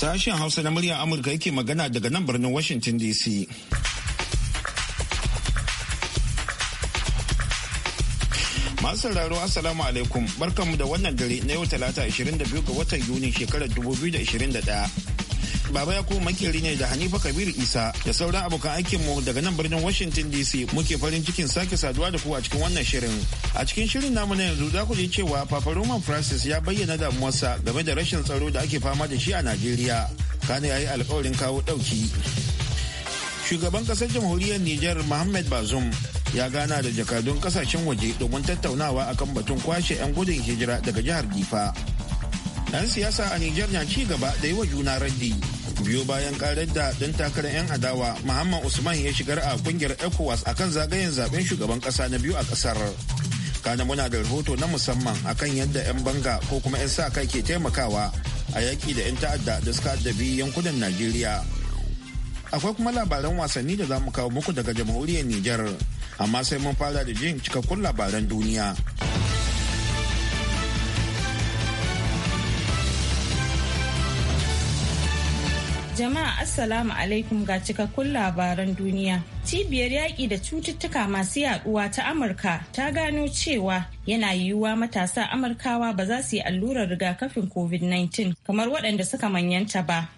Sashen Hausa na muryar Amurka yake magana daga nan birnin Washington DC. Masu sauraro Assalamu alaikum barkanmu da wannan dare na yau talata 22 ga watan Yuni shekarar 2021. Baba ya kuma makeri ne da Hanifa Kabiru Isa da sauran abokan aikin mu daga nan birnin Washington DC muke farin cikin sake saduwa da ku a cikin wannan shirin. A cikin shirin namu na yanzu za ku ji cewa Papa Roman Francis ya bayyana damuwarsa game da rashin tsaro da ake fama da shi a Najeriya. Kane ya yi alkawarin kawo ɗauki. Shugaban ƙasar jamhuriyar Nijar Mohammed Bazoum ya gana da jakadun kasashen waje domin tattaunawa akan batun kwashe 'yan gudun hijira daga jihar gifa. 'Yan siyasa a Nijar na ci gaba da yi wa juna raddi biyu bayan karar da ɗan takarar 'yan adawa muhammad usman ya shigar a kungiyar ecowas akan zagayen zaben shugaban ƙasa na biyu a ƙasar kana muna da rahoto na musamman akan yadda 'yan banga ko kuma 'yan sa kai ke taimakawa a yaƙi da 'yan ta'adda da suka addabi yankunan najeriya akwai kuma labaran wasanni da za mu kawo muku daga jamhuriyar nijar amma sai mun fara da jin cikakkun labaran duniya. Jama'a Assalamu alaikum ga cikakkun labaran duniya. Cibiyar yaƙi da cututtuka masu yaɗuwa ta Amurka ta gano cewa yana yiwuwa matasa Amurkawa ba za su yi allurar rigakafin COVID-19 kamar waɗanda suka manyanta ba.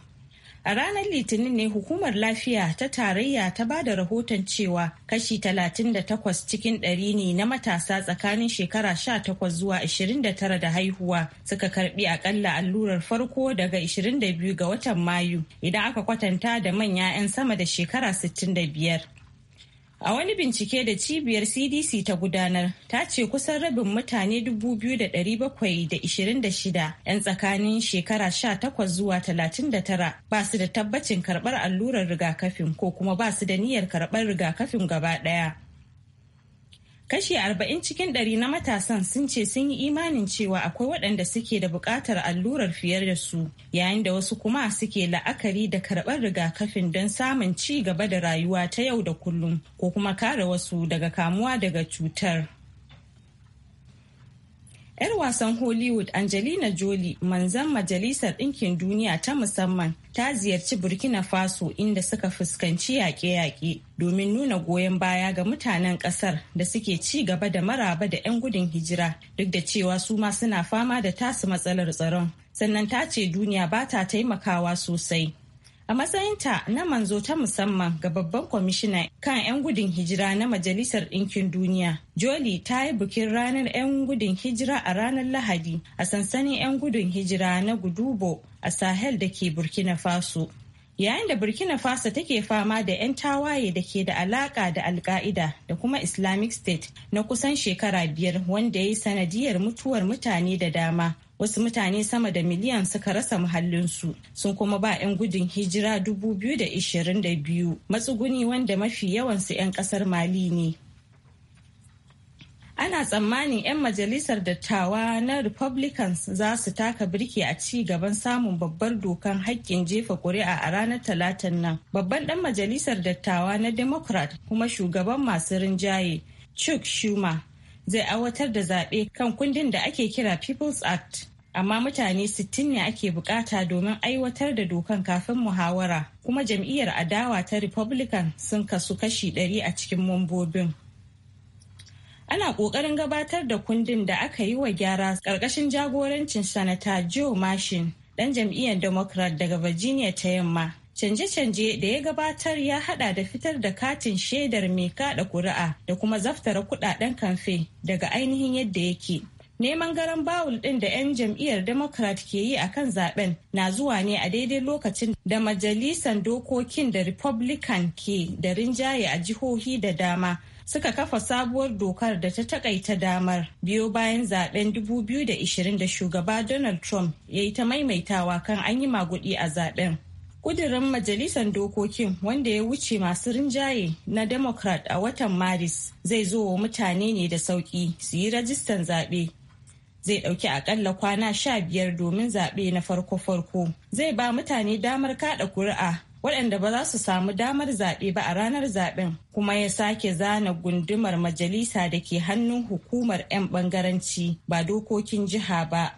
A ranar Litinin ne hukumar lafiya ta tarayya ta ba da rahoton cewa kashi 38 cikin ɗari ne na matasa tsakanin shekara 18 zuwa 29 da haihuwa suka karbi akalla allurar farko daga 22 ga watan Mayu idan aka kwatanta da manya 'yan sama da shekara 65. A wani bincike da cibiyar CDC ta gudanar, ta ce kusan rabin mutane 2,726 'yan tsakanin shekara 18 zuwa 39 ba su da tabbacin karɓar allurar rigakafin ko kuma ba su da niyyar karɓar rigakafin gaba ɗaya. Kashi arba'in cikin ɗari na matasan sun ce sun yi imanin cewa akwai waɗanda suke da buƙatar allurar fiyar da su, yayin da wasu kuma suke la'akari da karɓar rigakafin don samun ci gaba da rayuwa ta yau da kullum ko kuma kare wasu daga kamuwa daga cutar. 'Yar wasan Hollywood Angelina Jolie manzan Majalisar Ɗinkin Duniya ta musamman ta ziyarci Burkina Faso inda suka fuskanci yaƙe-yaƙe domin nuna goyon baya ga mutanen ƙasar da suke ci gaba da maraba da 'yan gudun hijira duk da cewa su ma suna fama da tasu matsalar tsaron. Sannan ta ce duniya ba ta taimakawa sosai. a matsayinta na manzo ta musamman ga babban kwamishina kan 'yan gudun hijira na majalisar ɗinkin duniya joli ta yi bikin ranar 'yan gudun hijira a ranar lahadi a sansanin 'yan gudun hijira na gudubo a sahel da ke burkina faso yayin da burkina faso take fama da 'yan tawaye da ke da alaka da alka'ida da kuma islamic state na kusan shekara biyar wanda ya yi sanadiyar mutuwar mutane da dama wasu mutane sama da miliyan suka rasa muhallinsu sun kuma ba 'yan gudun hijira 2022 matsuguni wanda mafi yawansu 'yan kasar mali ne ana tsammanin 'yan majalisar dattawa na republicans za su taka birki a ci gaban samun babbar dokan haƙƙin jefa ƙuri'a a ranar talatin nan babban ɗan majalisar dattawa na democrat kuma shugaban masu rinjaye chuck schumer zai awatar da zaɓe kan kundin da ake kira people's act amma mutane 60 ne ake bukata domin aiwatar da dokan kafin muhawara kuma jam'iyyar adawa ta republican sun kasu kashi 100 a cikin mambobin ana kokarin gabatar da kundin da aka yi wa gyara karkashin jagorancin sanata joe mashin dan jam'iyyar democrat daga virginia ta yamma canje-canje da ya gabatar ya hada da fitar da katin shaidar mai kada kuri'a da kuma zaftara kudaden kamfe daga ainihin yadda yake neman garan bawul ɗin da 'yan jam'iyyar democrat ke yi a kan zaben na zuwa ne a daidai lokacin da majalisan dokokin da republican ke da rinjaye a jihohi da dama suka kafa sabuwar dokar da ta takaita damar biyo bayan zaben 2020 da shugaba donald trump ya yi ta maimaitawa kan an yi magudi a zaben kudirin majalisar dokokin wanda ya wuce masu rinjaye na democrat a watan maris zai zo wa mutane ne da sauƙi, su yi rajistan zaɓe zai ɗauki akalla kwana sha biyar domin zaɓe na farko-farko. Zai ba mutane damar kaɗa kuri'a waɗanda ba za su samu damar zaɓe ba a ranar zaɓen kuma ya sake zana gundumar majalisa da ke hannun hukumar 'yan ɓangaranci ba dokokin jiha ba.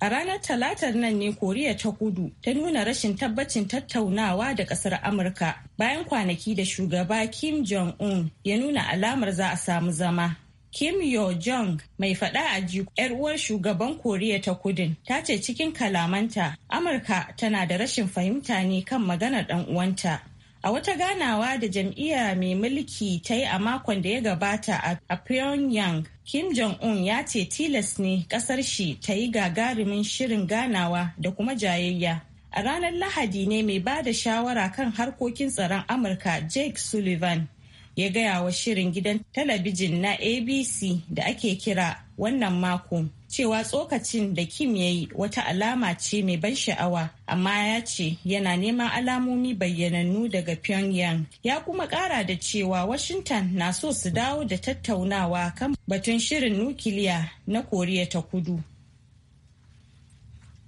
A ranar talatar nan ne Koriya ta kudu ta nuna rashin tabbacin tattaunawa da ƙasar Amurka bayan kwanaki da shugaba Kim Jong-un ya nuna alamar za a samu zama. Kim Yo Jong mai faɗa a jiku yar uwar shugaban Koriya ta Kudin ta ce cikin kalamanta Amurka tana da rashin fahimta ne kan maganar ɗan uwanta. A wata ganawa da jam'iyya mai mulki ta yi a makon da ya gabata a Pyongyang, Kim Jong-un ya ce tilas ne ƙasar shi ta yi gagarumin shirin ganawa da kuma jayayya. A ranar Lahadi ne mai ba da shawara kan harkokin tsaron Amurka Jake Sullivan ya gaya wa shirin gidan talabijin na abc da ake kira wannan mako cewa tsokacin da kim ya yi wata alama ce mai ban sha'awa amma ya ce yana neman alamomi bayyanannu daga pyongyang ya kuma kara da cewa washington na so su dawo da tattaunawa kan batun shirin nukiliya na koriya ta kudu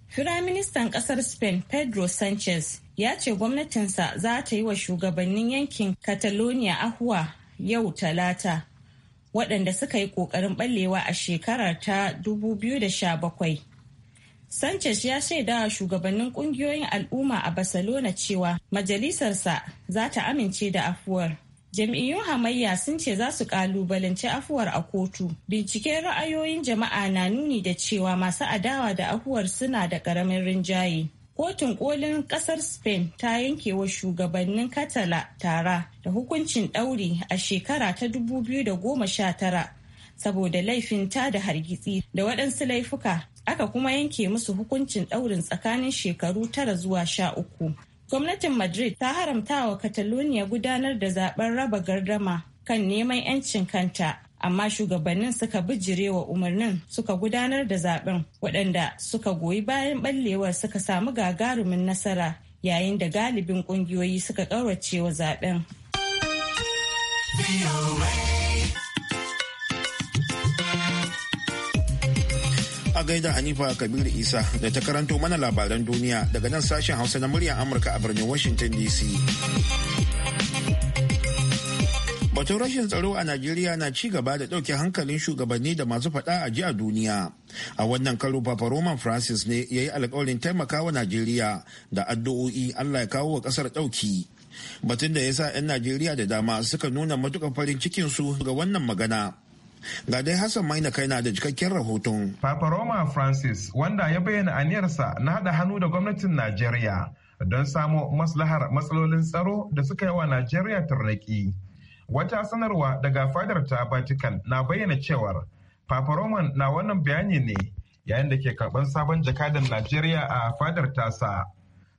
Firaministan ƙasar Spain Pedro Sanchez ya ce gwamnatinsa za ta yi wa shugabannin yankin Catalonia ahuwa yau talata waɗanda suka yi ƙoƙarin ɓallewa a shekarar ta 2017. Sanchez ya shaida wa shugabannin ƙungiyoyin al'umma a Barcelona cewa majalisarsa za ta amince da afuwar. jam'iyyun hamayya sun ce za su kalubalanci afuwar a kotu binciken ra'ayoyin jama'a na nuni da cewa masu adawa da afuwar suna da karamin rinjaye kotun kolin kasar spain ta yanke wa shugabannin katala tara da hukuncin ɗauri a shekara ta 2019 saboda laifin ta da hargitsi da waɗansu laifuka aka kuma yanke musu hukuncin ɗaurin tsakanin shekaru tara zuwa sha uku Gwamnatin Madrid ta haramta wa Catalonia gudanar da zaben raba gardama kan neman 'yancin kanta. Amma shugabannin suka bijire wa umarnin suka gudanar da zaben waɗanda suka goyi bayan ɓallewar suka samu gagarumin nasara yayin da galibin ƙungiyoyi suka ƙaurace wa zaben. a gaida Hanifa Kabiru Isa da ta karanto mana labaran duniya daga nan sashen Hausa na muryar Amurka a birnin Washington DC. Batun rashin tsaro a Najeriya na ci gaba da ɗauke hankalin shugabanni da masu faɗa a ji a duniya. A wannan karo Papa Roman Francis ne ya yi alkawarin taimakawa Najeriya da addu'o'i Allah ya kawo wa ƙasar ɗauki. Batun da ya sa 'yan Najeriya da dama suka nuna matuƙar farin cikinsu ga wannan magana. Ga dai Hassan Maina kai na da cikakken rahoton. Papa Roma Francis wanda ya bayyana aniyarsa na haɗa hannu da gwamnatin Najeriya don samo maslahar matsalolin tsaro da suka yi wa Najeriya tarnaki. Wata sanarwa daga fadar ta Vatican na bayyana cewar Papa Roman na wannan bayani ne yayin da ke karɓar sabon jakadan Najeriya a fadar tasa.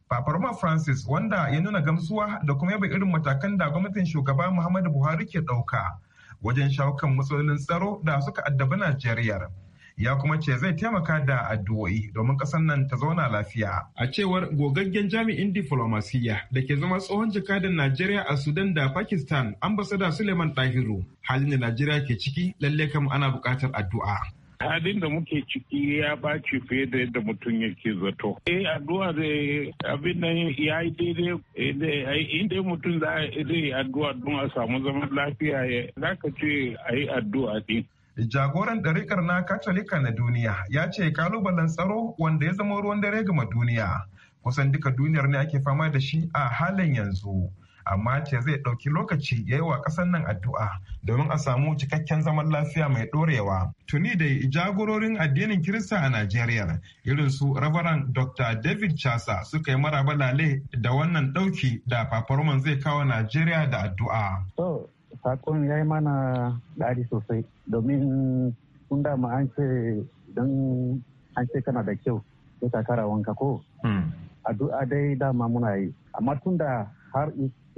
Papa Roma Francis wanda ya nuna gamsuwa da kuma ya bai irin matakan da gwamnatin shugaba Muhammadu Buhari ke ɗauka. wajen shawo kan matsalolin tsaro da suka addabi Najeriya. ya kuma ce zai taimaka da addu'o'i domin ƙasar nan ta zauna lafiya. A cewar gogaggen jami'in diflomasiyya da ke zama tsohon jakadan Najeriya a Sudan da Pakistan, ambasada Suleiman Dahiru, halin da Najeriya ke ciki lalle kam ana buƙatar addu'a. halin da muke ciki ya ɓaci fiye da yadda mutum yake zato. Eh addu'a zai abin nan ya yi daidai eh, eh, inda mutum zai yi addu'a don a samu zaman lafiya ya ka ce a yi addu'a din. Jagoran ɗarikar na Katolika na duniya ya ce kalubalen tsaro wanda ya zama ruwan dare gama duniya. Kusan duka duniyar ne ake fama da shi a halin yanzu. amma ce zai ɗauki lokaci ya yi wa ƙasar nan addu'a domin a samu cikakken zaman lafiya mai ɗorewa. Tuni da jagororin addinin Kirista a Najeriya irin su Rabaran Dr. David Chasa suka yi maraba lale da wannan ɗauki da faforman zai kawo Najeriya da addu'a. So, sakon ya yi mana ɗari sosai domin tun da an ce don an ce kana da kyau ya kara wanka ko. Hmm. Addu'a dai dama muna yi, amma tunda har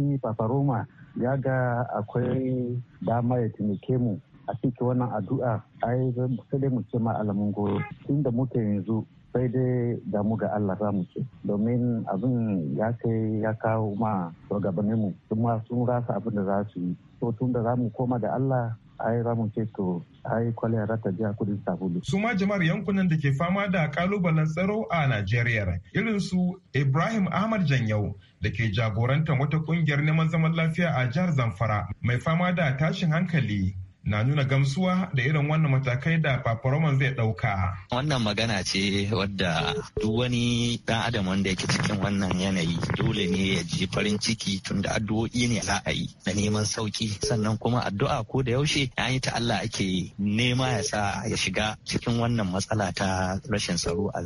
shi paparoma ya ga akwai mm. dama ya taimake mu a cikin wannan addu'a ai sai dai mu ce ma alamun goro inda muke yanzu sai dai damu ga Allah za mu ce domin abin ya kai ya kawo ma shugabanninmu kuma sun rasa abin da za su yi so tun da za mu koma da Allah ai ramun ceto ai kwalera ta jiya kudin sabulu. su ma jama'ar yankunan da ke fama da kalubalen tsaro a najeriya irin su ibrahim ahmad janyau da ke jagorantar wata kungiyar neman zaman lafiya a jihar zamfara mai fama da tashin hankali na nuna gamsuwa da irin wannan matakai da paparoman zai ɗauka. Wannan magana ce wadda duk wani ɗan adam wanda yake cikin wannan yanayi dole ne ya ji farin ciki tun da addu'o'i ne za a yi da neman sauki sannan kuma addu'a ko da yaushe Ya yi ta Allah ake nema ya sa ya shiga cikin wannan matsala ta rashin tsaro a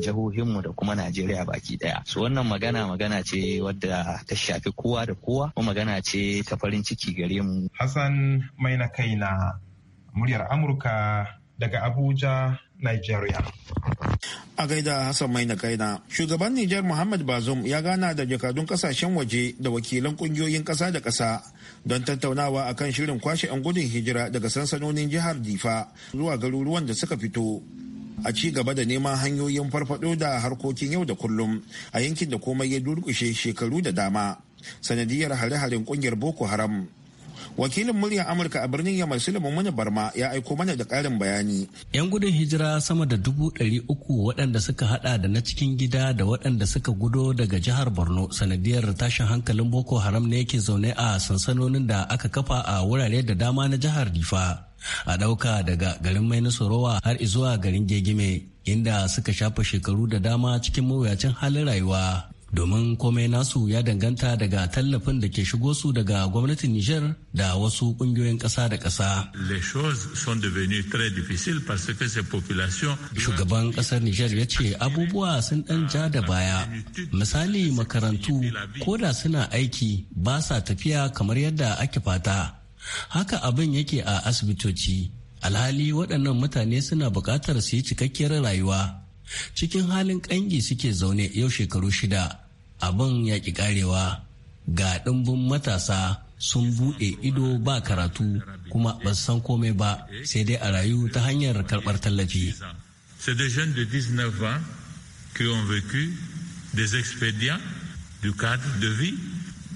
jihohinmu da kuma Najeriya baki ɗaya. Su wannan magana magana ce wadda ta shafi kowa da kowa kuma magana ce ta farin ciki gare mu. Hassan mai na kai na muryar Amurka daga Abuja, Nigeria. A gaida Hassan Mai na kaina, shugaban Nijar Muhammad Bazoum ya gana da jakadun kasashen waje da wakilan kungiyoyin kasa da kasa don tattaunawa akan shirin kwashe 'yan gudun hijira daga sansanonin jihar Difa zuwa garuruwan da suka fito. a ci gaba da neman hanyoyin farfado da harkokin yau da kullum a yankin da komai ya durkushe shekaru da dama sanadiyar hare-haren kungiyar boko haram wakilin muryar amurka a birnin yamai sulaiman mana barma ya aiko mana da karin bayani yan gudun hijira sama da dubu ɗari uku waɗanda suka hada da na cikin gida da waɗanda suka gudo daga jihar borno sanadiyar tashin hankalin boko haram ne yake zaune a sansanonin da aka kafa a wurare da dama na jihar difa a ɗauka daga garin mai har har zuwa garin gegime inda suka shafa shekaru da dama cikin mawuyacin halin rayuwa domin komai nasu ya danganta daga tallafin da ke shigo su daga gwamnatin Nijar da wasu kungiyoyin ƙasa da ƙasa. Shugaban ƙasar Nijar ya ce abubuwa sun ɗan ja da baya. Misali makarantu ko da suna aiki ba sa tafiya kamar yadda ake fata. Haka abin yake a asibitoci. Alhali waɗannan mutane suna buƙatar su yi cikakkiyar rayuwa. cikin halin kangi suke zaune yau shekaru shida abin ya ƙi ga matasa sun buɗe ido ba karatu kuma ba san komai ba sai dai a rayu ta hanyar karɓar tallafi. C'est des jeunes de 19 ans qui ont vécu des expédients du cadre de vie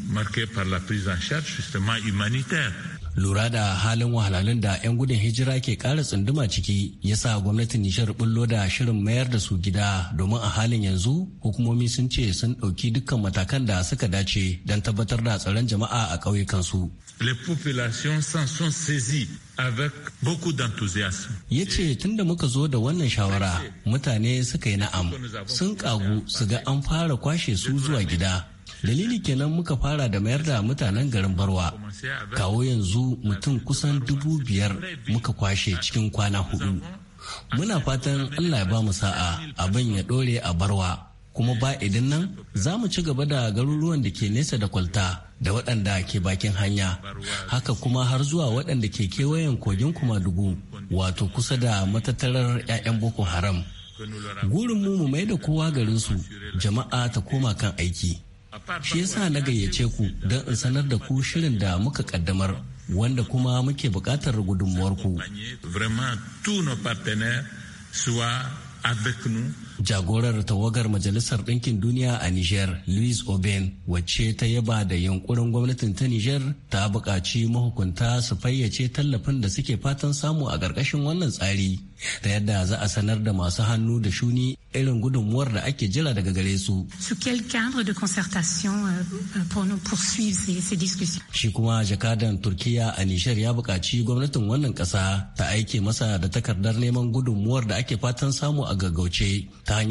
marqué par la prise en charge justement humanitaire. lura da halin wahalhalun da 'yan gudun hijira ke ƙara tsunduma ciki ya sa gwamnatin nishar bullo da shirin mayar da su gida domin a halin yanzu hukumomi sun ce sun ɗauki dukkan matakan da suka dace don tabbatar da tsaron jama'a a ƙauyukansu. Ya ce tun da muka zo da wannan shawara mutane suka yi na'am sun kagu su ga an fara kwashe su zuwa gida dalili kenan muka fara da mayar da mutanen garin barwa kawo yanzu mutum kusan dubu biyar muka kwashe cikin kwana hudu muna fatan allah ya ba mu sa'a abin ya dore a barwa kuma ba idan nan za mu ci gaba da garuruwan da ke nesa da kwalta da waɗanda ke bakin hanya haka kuma har zuwa waɗanda ke kewayen kogin kuma dubu wato kusa da matattarar 'ya'yan boko haram gurin mu mu mai da kowa garinsu jama'a ta koma kan aiki Shi yasa na gayyace ku don in sanar da ku shirin da muka kaddamar wanda kuma muke buƙatar gudunmuwar ku. jagorar tawagar majalisar ɗinkin duniya a niger louis oben wacce ta yaba da yunƙurin gwamnatin ta niger ta buƙaci mahukunta su fayyace tallafin da suke fatan samu a ƙarƙashin wannan tsari ta yadda za a sanar da masu hannu da shuni irin gudunmuwar da ake jira daga gare su. Euh, euh, Shi kuma jakadan Turkiya a Nishar ya buƙaci gwamnatin wannan ƙasa ta aike masa da takardar neman gudunmuwar da ake fatan samu a gaggauce J'aimerais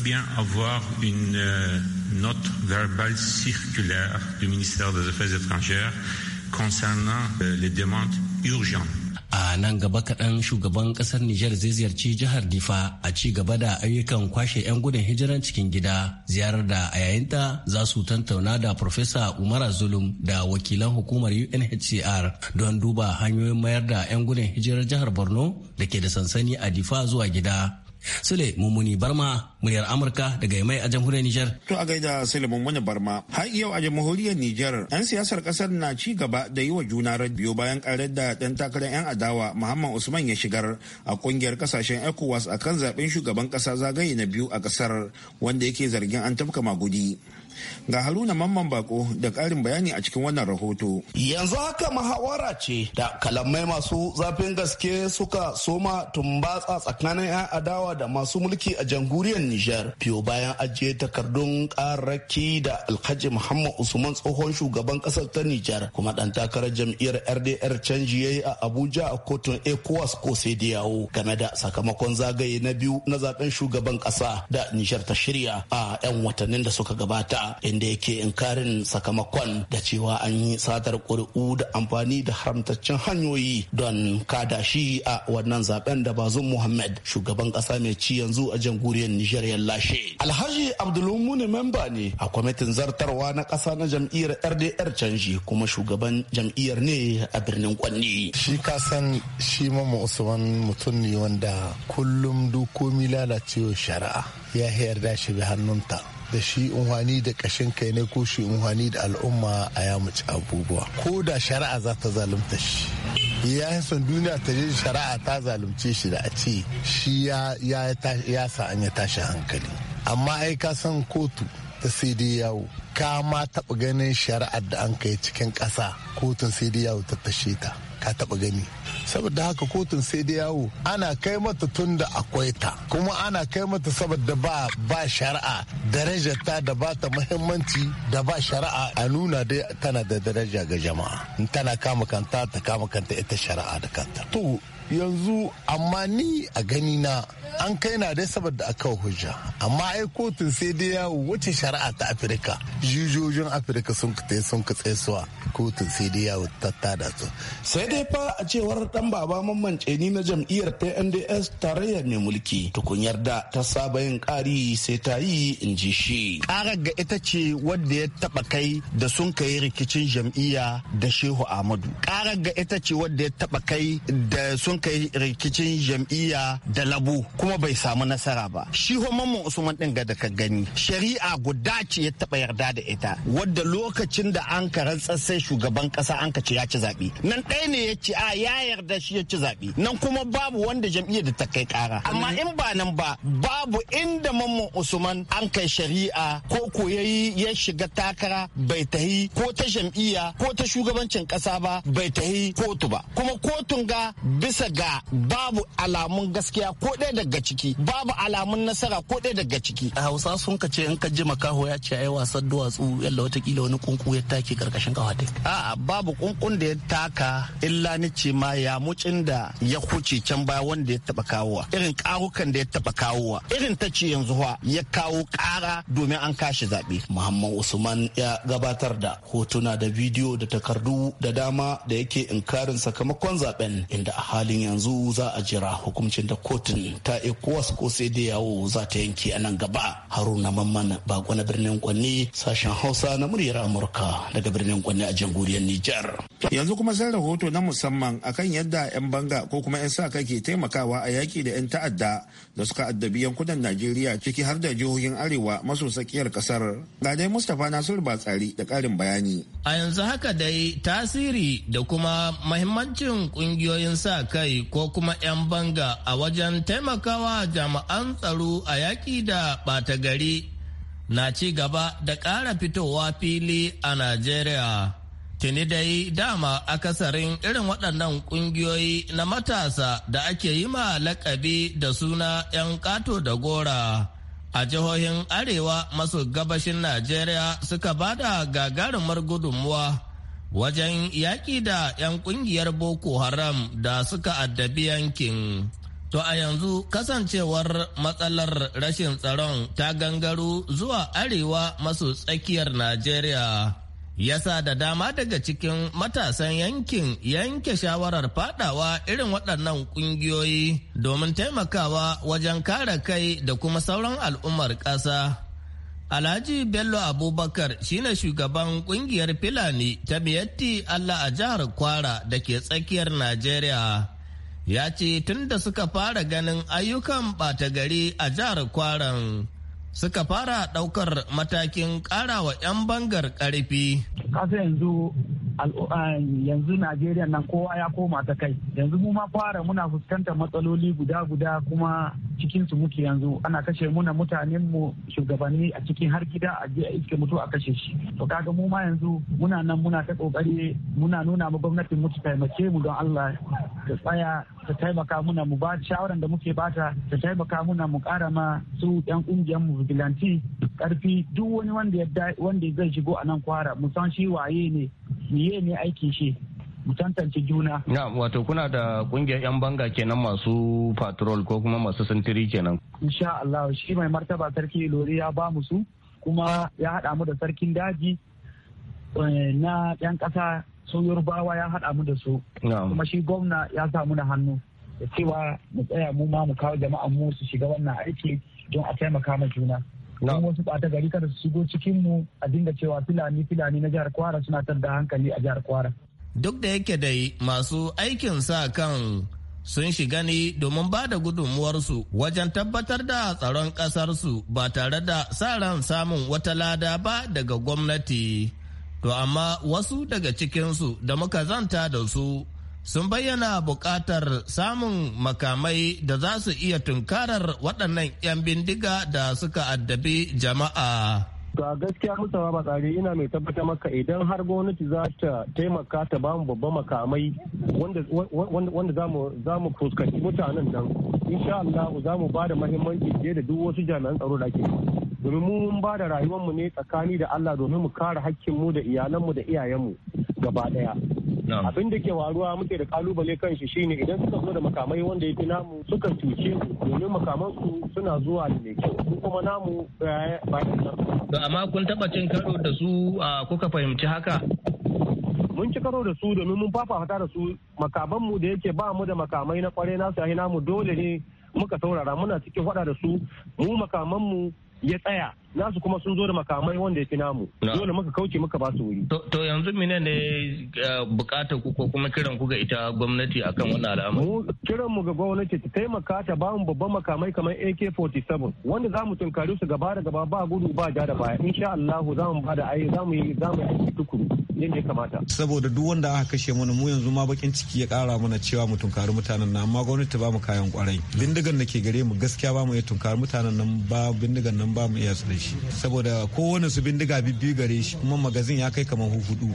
bien avoir une euh, note verbale circulaire du ministère des Affaires étrangères concernant euh, les demandes urgentes a nan gaba kaɗan shugaban ƙasar Nijar zai ziyarci jihar Difa a ci gaba da ayyukan kwashe 'yan gudun hijiran cikin gida ziyarar da a yayinta za su tantauna da Profesa Umar Zulum da wakilan hukumar UNHCR don duba hanyoyin mayar da 'yan gudun hijirar jihar Borno da ke da sansani a Difa zuwa gida Sule Mummuni Barma muryar Amurka daga mai a jamhuriyar Nijar. To a gaida Sule Mummuni Barma har yau a jamhuriyar Nijar 'yan siyasar kasar na ci gaba da yi wa juna biyu bayan karar da dan takarar 'yan adawa Muhammad Usman ya shigar a kungiyar kasashen ECOWAS a kan zaben shugaban kasa zagaye na biyu a kasar wanda yake zargin an tafka magudi. Ga Haruna Mamman Bako da karin bayani a cikin wannan rahoto. Yanzu haka mahawara ce da kalamai masu zafin gaske suka soma tumbatsa tsakanin 'yan adawa da masu mulki a jamhuriyar Nijar. Biyo bayan ajiye takardun ƙararraki da Alhaji Muhammad Usman tsohon shugaban ƙasar ta Nijar kuma dan takarar jam'iyyar RDR canji yayi a Abuja a kotun ECOWAS ko sai yawo game da sakamakon zagaye na biyu na zaben shugaban kasa da Nijar ta shirya a 'yan watannin da suka gabata. inda yake inkarin sakamakon da cewa an yi satar ƙuri'u da amfani da haramtaccen hanyoyi don kada shi a wannan zaben da bazum Muhammad shugaban ƙasa mai ci yanzu a jamhuriyar Nijar ya lashe. Alhaji ne memba ne a kwamitin zartarwa na ƙasa na jam'iyyar RDR canji kuma shugaban jam'iyyar ne a birnin Kwanni. Shi ka san shi Mama Usman mutum ne wanda kullum dukomi lalacewa shari'a ya yarda shi bi hannunta. da shi unhwani da kashin kai ne ko shi unhwani da al'umma a yamuci abubuwa ko da shari'a za ta zalunta shi ya son duniya ta je shari'a ta zalunce shi da a ce shi ya sa an ya tashi hankali amma ai ka san kotu ta sai dai yawo ka ma taɓa ganin shari'ar da an kai cikin ƙasa kotun sai dai yawo ta tashe ta ka taɓa gani saboda haka kotun sai da yawo ana kai mata tun da akwai ta kuma ana kai mata saboda ba ba shari'a darajar ta da ba ta muhimmanci da ba shari'a a nuna dai tana da daraja ga jama'a in tana kama kanta ta kama kanta ita shari'a da kanta to yanzu amma ni a gani na an kai na dai saboda aka hujja amma ai kotun sai dai ya wuce shari'a ta afirka jujojin afirka sun kutse sun kutse suwa kotun sai dai ya ta da su sai dai fa a cewar dan baba mamman ni na jam'iyyar PNDS tarayya mai mulki tukunyar da ta saba yin kari sai ta yi in ji shi karar ga ita ce wadda ya taba kai da sun kai rikicin jam'iyya da shehu ahmadu karar ga ita ce wadda ya taba kai da sun kai rikicin jam'iyya da labu kuma bai samu nasara ba shi mamman usman din ga da gani shari'a guda ce ya taba yarda da ita wadda lokacin da an karan sai shugaban kasa an ka ya ci zaɓe nan ɗaya ne ya ce a ya yarda shi ya ci zaɓe nan kuma babu wanda jam'iyyar da ta kai kara amma in ba nan ba babu inda mamman usman an kai shari'a ko ko yayi ya shiga takara bai tahi ko ta jam'iyya ko ta shugabancin kasa ba bai tahi kotu ba kuma kotun ga bisa ga babu alamun gaskiya ko ɗaya daga daga ciki babu alamun nasara ko ɗaya daga ciki a hausa sun ka ce in ka ji makaho ya ce ai wasan duwatsu yalla watakila wani kunku ya take karkashin kawa a'a babu kunkun da ya taka illa ni ce ma ya mucin da ya huce can baya wanda ya taba kawowa irin karukan da ya taba kawowa irin ta ce yanzu ha ya kawo kara domin an kashe zaɓe muhammad usman ya gabatar da hotuna da bidiyo da takardu da dama da yake inkarin sakamakon zaben inda a halin yanzu za a jira hukuncin da kotun ta ecowas ko sai da yawo za ta yanke a nan gaba haruna mamman bako na birnin kwanni sashen hausa na muryar amurka daga birnin kwanni a jamhuriyar nijar yanzu kuma sai rahoto na musamman akan yadda 'yan banga ko kuma 'yan sa kai ke taimakawa a yaki da 'yan ta'adda da suka addabi yankunan najeriya ciki har da jihohin arewa maso tsakiyar kasar ga dai mustapha nasir batsari da karin bayani a yanzu haka dai tasiri da kuma mahimmancin ƙungiyoyin sa kai ko kuma 'yan banga a wajen taimaka taimakawa jami'an tsaro a yaƙi da ɓata gari na ci gaba da ƙara fitowa fili a Najeriya. Tuni dai dama akasarin irin waɗannan ƙungiyoyi na matasa da ake yi ma lakabi da suna 'yan ƙato da gora. a jihohin arewa maso gabashin najeriya suka ba da gagarumar gudunmuwa wajen yaƙi da 'yan ƙungiyar boko haram da suka addabi yankin To a yanzu kasancewar matsalar rashin tsaron ta gangaru zuwa arewa maso tsakiyar Najeriya. Yasa da dama daga cikin matasan yankin yanke shawarar fadawa irin waɗannan ƙungiyoyi domin taimakawa wajen kare kai da kuma sauran al'ummar ƙasa. Alhaji Bello Abubakar shine shugaban ƙungiyar Filani ta Miyatti Allah a jihar Kwara da ke tsakiyar Najeriya. ya ce tun da suka fara ganin ayyukan ɓata gari a jihar kwaran suka fara daukar matakin karawa 'yan bangar karfi. Kasa yanzu yanzu Najeriya nan kowa ya koma ta kai. Yanzu mu ma fara muna fuskantar matsaloli guda-guda kuma cikinsu muke yanzu ana kashe muna mutanen mu shugabanni a cikin har gida a je a iske mutu a kashe shi. To kaga mu ma yanzu muna nan muna ta kokari muna nuna mu gwamnatin mu taimake mu don Allah ta tsaya ta taimaka muna mu ba shawaran da muke bata ta taimaka muna mu karama ma su 'yan kungiyar mu vigilante karfi duk wani wanda zai shigo a nan kwara musan shi waye ne miye ne aikin shi mu tantance juna. Na wato kuna da kungiyar 'yan banga kenan masu patrol ko kuma masu sintiri kenan. Insha Allah shi mai martaba sarki lori ya ba musu kuma ya haɗa mu da sarkin daji eh, na 'yan ƙasa sun Yorubawa ya haɗa mu da su. Kuma shi gwamna ya samu na da hannu. Da cewa mu tsaya mu ma mu kawo jama'an mu su shiga wannan aiki don a taimaka ma juna don wasu ɓata gari kada su shigo cikin mu a dinga cewa filani filani na jihar kwara suna tar da hankali a jihar kwara duk da yake dai masu aikin sa kan sun shiga ne domin ba da gudunmuwarsu wajen tabbatar da tsaron ƙasarsu ba tare da sa ran samun wata lada ba daga gwamnati. To amma wasu daga cikinsu da muka zanta da su sun bayyana buƙatar samun makamai da za su iya tunkarar waɗannan 'yan bindiga da suka addabi jama'a. To a gaskiya musawa ba tsari ina mai tabbata maka idan har gwamnati za ta taimaka ta ba mu babban makamai wanda za mu fuskanci mutanen nan insha Allah za mu ba da mahimmanci fiye da duk wasu jami'an tsaro da ake domin mun ba da rayuwarmu ne tsakani da Allah domin mu kare mu da iyalanmu da iyayen mu. gaba daya abin da ke waruwa muke da kalubale kan shi shine idan suka zo da makamai wanda ya fi namu suka cuce domin makaman su suna zuwa da mai kyau su kuma namu eh, ba amma kun taba cin karo da su kuka fahimci haka mun ci karo da su domin mun fafata da su makaman mu da yake ba mu da makamai na kware nasu yahi namu dole ne muka saurara muna cikin faɗa da su mu makaman mu ya tsaya nasu kuma sun zo da makamai wanda ya fi namu dole muka kauce muka ba su wuri to yanzu mine ne eh, bukatar ku ko kuma kiran ku ga ita gwamnati akan wannan al'amari mu kiran mu ga gwamnati ta taimaka ta ba mu babban makamai kamar AK47 wanda za mu tunkari su gaba da gaba ba gudu ba ja da baya insha Allah za mu ba da ayi za mu yi za tukuru ne ya kamata saboda duk wanda aka kashe mana mu yanzu ma bakin ciki ya kara mana cewa mu tunkari mutanen nan amma gwamnati ba mu kayan kwarai bindigan da ke gare mu gaskiya ba mu iya tunkari mutanen nan ba bindigan nan ba mu iya su da shi saboda kowane su bindiga bibbi gare shi kuma magazin ya kai kamar hudu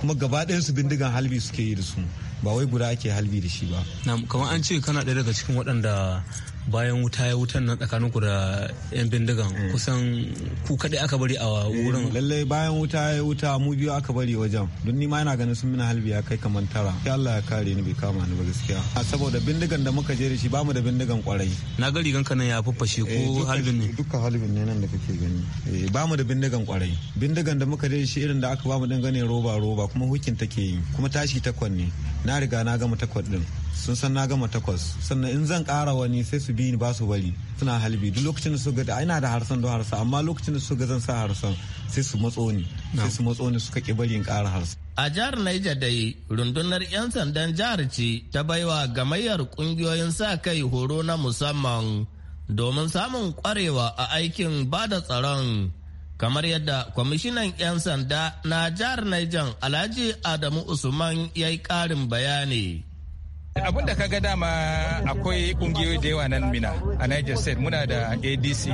kuma gaba su bindigan halbi suke yi da su ba wai guda ake halbi da shi ba. Na kamar an ce kana ɗaya daga cikin waɗanda bayan wuta ya wutan nan tsakanin ku da yan bindigan mm. kusan ku kadai aka bari a eh, wurin lalle bayan wuta ya wuta mu biyu aka bari wajen don ni ma ina ganin sun mina halbi ya kai kaman tara ya Allah ya kare ni bai kama ni ba gaskiya saboda bindigan da muka je da shi bamu da bindigan kwarai na ga rigan ka nan ya fuffashe ko eh, halbin ne duka halbin ne nan da kake gani eh bamu da bindigan kwarai bindigan da muka je da shi irin da aka bamu din gane roba roba kuma hukin take yi kuma tashi takwan ne na riga na gama takwan din sun san na gama takwas sannan in zan kara wani sai su bi ni ba su bari suna halbi duk lokacin da su ga ina da harsan don harsa amma lokacin da su ga zan sa harsan sai su matso ni sai su matso ni suka ke bari in kara harsa a jihar Niger dai rundunar 'yan sandan jihar ce ta baiwa gamayyar kungiyoyin sa kai horo na musamman domin samun kwarewa a aikin ba da tsaron kamar yadda kwamishinan 'yan sanda na jihar Niger Alhaji Adamu Usman ya yi ƙarin bayani. abin da kaga dama akwai kungiyoyi da yawa nan mina a niger state muna da adc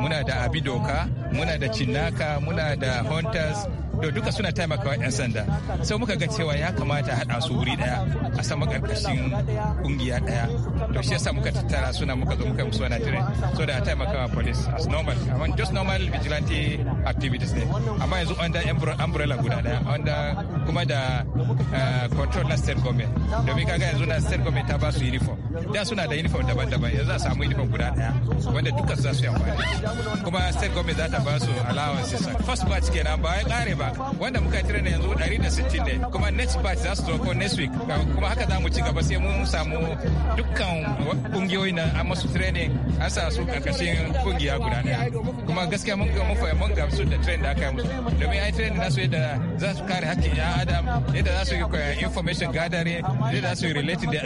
muna da abidoka muna da cinnaka muna da hunters da duka suna taimakawa 'yan sanda sai muka ga cewa ya kamata a haɗa su wuri ɗaya a sama ƙarƙashin ƙungiya ɗaya to shi yasa muka tattara suna muka zo muka musu wani dire so da a taimakawa police as normal amma just normal vigilante activities ne amma yanzu under umbrella guda ɗaya under kuma da eh, control na state government domin kaga yanzu na state government ta ba su uniform da suna da uniform daban-daban yanzu za a samu uniform guda ɗaya wanda duka za su yi amfani kuma state government za ta ba su allowances first batch kenan ba ya kare ba wanda muka yi na yanzu 160 ne kuma next batch za su zo next week kuma haka za mu ci gaba sai mun samu dukkan kungiyoyi na an masu training an sa su karkashin kungiya guda daya kuma gaskiya mun mun mun su da train da aka yi musu domin ai training nasu yadda za su kare hakkin ya adam yadda za su yi eh, information gathering yadda za su yi related da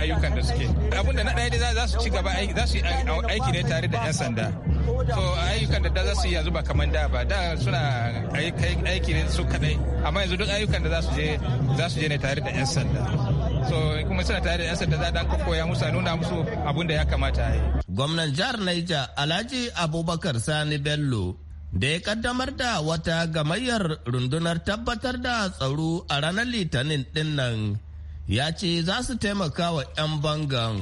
ayyukan da suke abinda na daya za su ci gaba za su yi aiki ne tare da yan sanda to ayyukan da da za su yi yanzu ba kamar da ba da suna aiki ne su kadai amma yanzu duk ayyukan da za su je za su je ne tare da 'yan sanda so kuma suna tare da 'yan sanda za dan koya musu nuna musu abun da ya kamata a yi gwamnan jihar Niger Alhaji Abubakar Sani Bello da ya kaddamar da wata gamayyar rundunar tabbatar da tsaro a ranar litinin dinnan ya ce za su taimaka wa 'yan bangan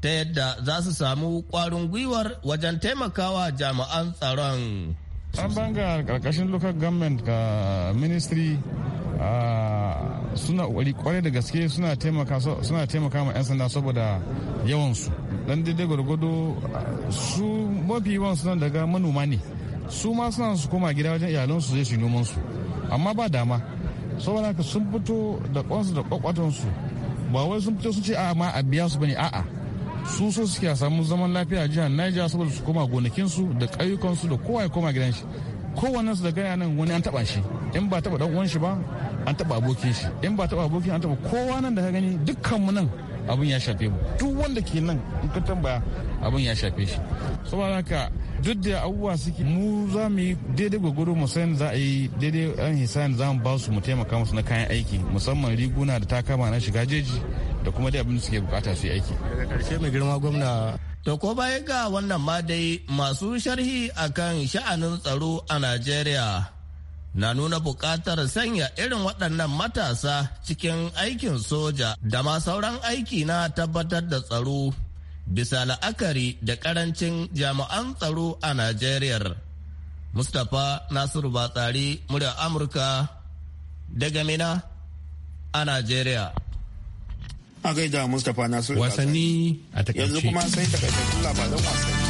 ta yadda za su samu kwarin gwiwar wajen taimakawa jami'an tsaron. an banga karkashin local government ga uh, ministry uh, suna kokari kwarai da gaske suna taimaka ma 'yan sanda saboda yawansu dan daidai gwargwado uh, su mafi yawan suna daga manoma ne su ma suna su koma gida wajen iyalansu zai su su amma ba dama saboda sun fito da kwansu da kwakwatonsu ba wai sun fito sun ce a ma a biya su bane a'a su so suke a samu zaman lafiya a jihar Niger saboda su koma gonakinsu da ƙauyukansu da kowa ya koma gidan shi kowannen su da gaya nan wani an taba shi in ba taba dan uwan shi ba an taba abokin shi in ba taba abokin an taba kowa nan da ka gani dukkan mu nan abin ya shafe mu duk wanda ke nan in ka tambaya abin ya shafe shi saboda haka duk da abubuwa suke mu za mu yi daidai gwagwaro mu san za a yi daidai an hisan za mu ba su mu taimaka musu na kayan aiki musamman riguna da takama na shiga jeji da kuma dai abin da suke bukata su yi aiki karshe mai girma gwamna da ko baya ga wannan ma dai masu sharhi akan sha'anin tsaro a Najeriya na nuna buƙatar sanya irin waɗannan matasa cikin aikin soja da ma sauran aiki na tabbatar da tsaro bisa la'akari da ƙarancin jami'an tsaro a Najeriya. Mustapha Nasiru Batsari, murya Amurka daga Mina a Najeriya. A gaida Mustapha Nasiru Wasanni a takaice. Yanzu kuma sai takaitattun labaran wasanni.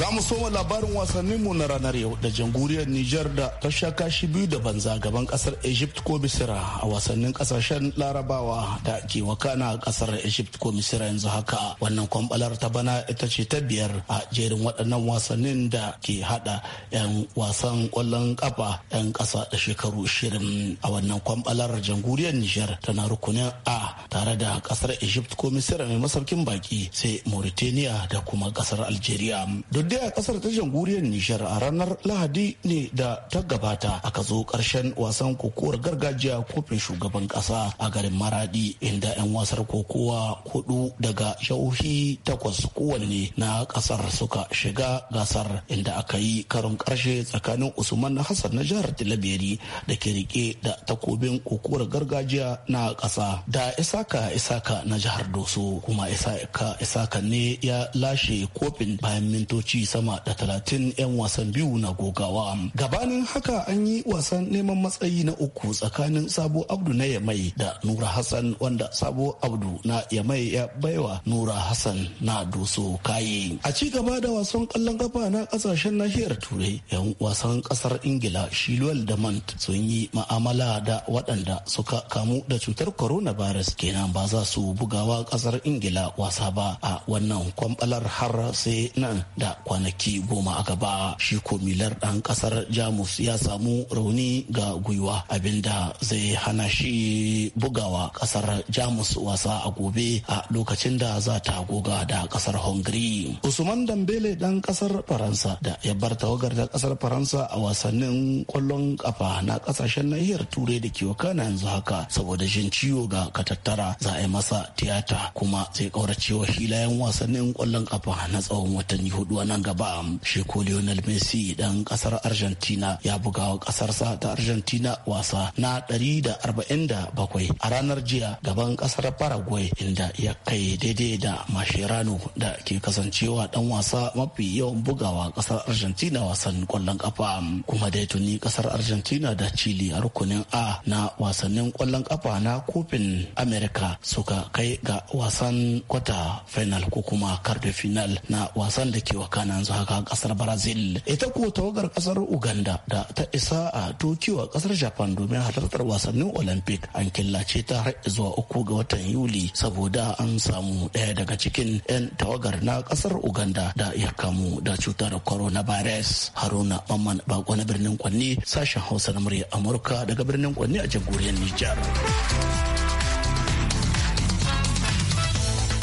Za mu soma labarin wasanninmu na ranar yau da jamhuriyar Nijar da ta sha kashi biyu da banza gaban kasar Egypt ko Misira a wasannin kasashen Larabawa da ke wakana a kasar Egypt ko Misira yanzu haka. Wannan kwambalar ta bana ita ce ta biyar a jerin waɗannan wasannin da ke hada 'yan wasan kwallon kafa 'yan ƙasa da shekaru shirin a wannan kwambalar jamhuriyar Nijar tana rukunin A tare da kasar Egypt ko Misira mai masaukin baki sai Mauritania da kuma kasar Algeria. Duk dai a kasar ta jamhuriyar nishar a ranar lahadi ne da ta gabata aka zo karshen wasan kokowar gargajiya kofin shugaban kasa a garin maradi inda 'yan wasar kokowa hudu daga shahohi takwas kowanne na kasar suka shiga gasar inda aka yi karon karshe tsakanin usman hassan na jihar tilabiri da ke rike da takobin kokowar gargajiya na kasa da isaka isaka na jihar doso kuma isaka isaka ne ya lashe kofin bayan mintoci sama da talatin 'yan wasan biyu na gogawa gabanin haka an yi wasan neman matsayi na uku tsakanin sabo abdu na yamai da nura hassan wanda sabo abdu na yamai ya baiwa nura hassan na doso kayi a ci gaba da wasan kallon kafa na kasashen nahiyar turai 'yan wasan kasar ingila Shiluel da mant sun yi ma'amala da waɗanda suka kamu da cutar corona virus kenan ba za su bugawa kasar ingila wasa ba a wannan kwamɓalar har sai nan da kwanaki goma a gaba shi ko milar ɗan ƙasar jamus ya samu rauni ga gwiwa abinda zai hana shi bugawa ƙasar jamus wasa a gobe a lokacin da za ta goga da ƙasar hungary usman dambele dan ƙasar faransa da ya bar tawagar da ƙasar faransa a wasannin ƙwallon ƙafa na ƙasashen nahiyar turai da ke wakana yanzu haka saboda jin ciwo ga katattara za a yi masa tiyata kuma zai ƙauracewa hilayen wasannin ƙwallon ƙafa na tsawon watanni hudu nan gaba um, shi ko Lionel Messi dan kasar Argentina ya buga wa kasarsa ta Argentina wasa na 147 a ranar jiya gaban kasar Paraguay inda ya kai daidai da Mascherano da ke kasancewa dan wasa mafi yawan bugawa kasar Argentina wasan kwallon kafa um, kuma dai tuni kasar Argentina da Chile a rukunin A na wasannin kwallon kafa na kofin America suka kai ga wasan kwata final ko kuma karda final na wasan da ke waka amurka na yanzu haka kasar brazil ita ko tawagar kasar uganda da ta isa a tokyo a kasar japan domin halartar wasannin olympic an killace ta har zuwa uku ga watan yuli saboda an samu ɗaya daga cikin 'yan tawagar na kasar uganda da ya kamu da cutar coronavirus haruna mamman bako na birnin kwanni sashen hausa na murya amurka daga birnin kwanni a jamhuriyar nijar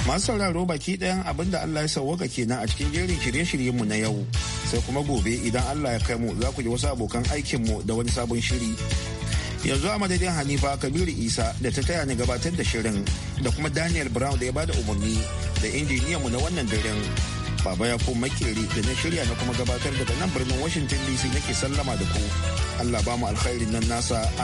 masu sauraro baki ɗayan abin da Allah ya sauwaka kenan a cikin jerin shirye-shiryenmu na yau sai kuma gobe idan Allah ya kai mu za ku ji wasu abokan aikinmu da wani sabon shiri yanzu a madadin hanifa kabiru isa da ta taya ni gabatar da shirin da kuma daniel brown da ya bada umarni da injiniyan mu na wannan daren baba ya ko makeri da na shirya na kuma gabatar daga nan birnin washington dc nake sallama da ku allah ba mu alkhairin nan nasa